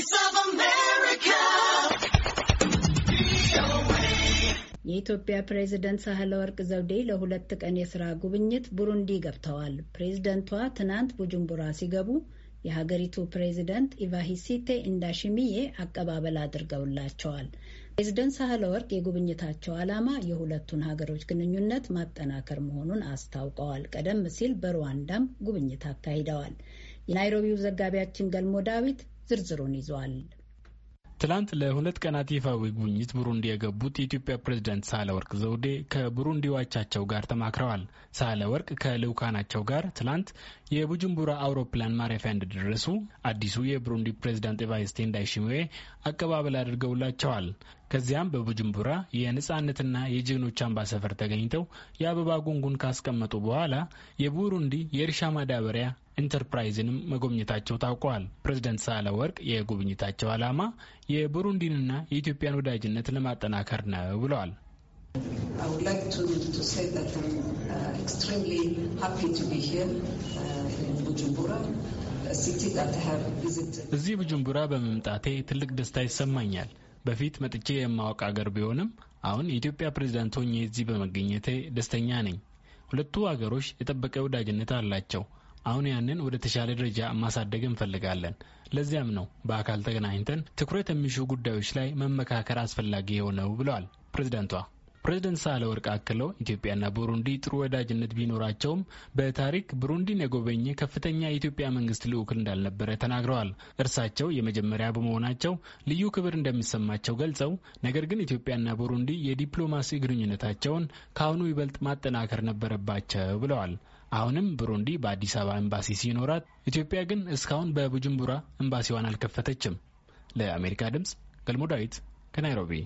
Voice of America. የኢትዮጵያ ፕሬዝደንት ሳህለ ወርቅ ዘውዴ ለሁለት ቀን የስራ ጉብኝት ቡሩንዲ ገብተዋል። ፕሬዝደንቷ ትናንት ቡጁምቡራ ሲገቡ የሀገሪቱ ፕሬዝደንት ኢቫሂሲቴ እንዳሽሚዬ አቀባበል አድርገውላቸዋል። ፕሬዝደንት ሳህለ ወርቅ የጉብኝታቸው ዓላማ የሁለቱን ሀገሮች ግንኙነት ማጠናከር መሆኑን አስታውቀዋል። ቀደም ሲል በሩዋንዳም ጉብኝት አካሂደዋል። የናይሮቢው ዘጋቢያችን ገልሞ ዳዊት ዝርዝሩን ይዟል። ትላንት ለሁለት ቀናት ይፋዊ ጉብኝት ቡሩንዲ የገቡት የኢትዮጵያ ፕሬዝዳንት ሳህለ ወርቅ ዘውዴ ከቡሩንዲ ዋቻቸው ጋር ተማክረዋል። ሳህለ ወርቅ ከልዑካናቸው ጋር ትላንት የቡጅምቡራ አውሮፕላን ማረፊያ እንደደረሱ አዲሱ የቡሩንዲ ፕሬዝዳንት ኤቫሪስቴ እንዳይሽሙዌ አቀባበል አድርገውላቸዋል። ከዚያም በቡጅምቡራ የነጻነትና የጀግኖች አምባሰፈር ተገኝተው የአበባ ጉንጉን ካስቀመጡ በኋላ የቡሩንዲ የእርሻ ማዳበሪያ ኢንተርፕራይዝንም መጎብኘታቸው ታውቋል። ፕሬዚደንት ሳለ ወርቅ የጉብኝታቸው ዓላማ የቡሩንዲንና የኢትዮጵያን ወዳጅነት ለማጠናከር ነው ብለዋል። uh, uh, እዚህ ቡጅምቡራ በመምጣቴ ትልቅ ደስታ ይሰማኛል። በፊት መጥቼ የማወቅ አገር ቢሆንም አሁን የኢትዮጵያ ፕሬዚዳንት ሆኜ እዚህ በመገኘቴ ደስተኛ ነኝ። ሁለቱ አገሮች የጠበቀ ወዳጅነት አላቸው። አሁን ያንን ወደ ተሻለ ደረጃ ማሳደግ እንፈልጋለን። ለዚያም ነው በአካል ተገናኝተን ትኩረት የሚሹ ጉዳዮች ላይ መመካከር አስፈላጊ የሆነው ብለዋል ፕሬዚዳንቷ። ፕሬዝደንት ሳህለወርቅ አክለው ኢትዮጵያና ቡሩንዲ ጥሩ ወዳጅነት ቢኖራቸውም በታሪክ ቡሩንዲን የጎበኘ ከፍተኛ የኢትዮጵያ መንግስት ልዑክ እንዳልነበረ ተናግረዋል። እርሳቸው የመጀመሪያ በመሆናቸው ልዩ ክብር እንደሚሰማቸው ገልጸው ነገር ግን ኢትዮጵያና ቡሩንዲ የዲፕሎማሲ ግንኙነታቸውን ከአሁኑ ይበልጥ ማጠናከር ነበረባቸው ብለዋል። አሁንም ብሩንዲ በአዲስ አበባ ኤምባሲ ሲኖራት ኢትዮጵያ ግን እስካሁን በቡጅምቡራ ኤምባሲዋን አልከፈተችም። ለአሜሪካ ድምፅ ገልሞ ዳዊት ከናይሮቢ